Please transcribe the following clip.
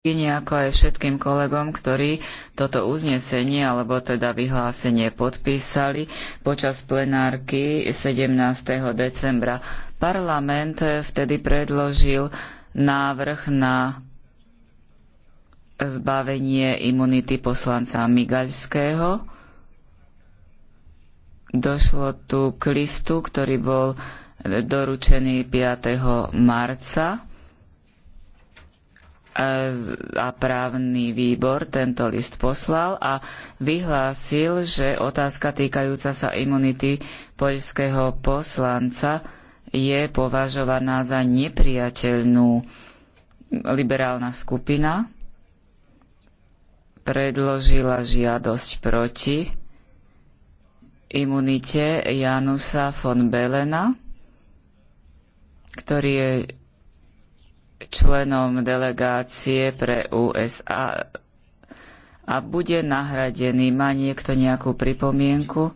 ako aj všetkým kolegom, ktorí toto uznesenie alebo teda vyhlásenie podpísali počas plenárky 17. decembra. Parlament vtedy predložil návrh na zbavenie imunity poslanca Migaľského. Došlo tu k listu, ktorý bol doručený 5. marca a právny výbor tento list poslal a vyhlásil, že otázka týkajúca sa imunity poľského poslanca je považovaná za nepriateľnú liberálna skupina predložila žiadosť proti imunite Janusa von Belena, ktorý je členom delegácie pre USA a bude nahradený. Má niekto nejakú pripomienku?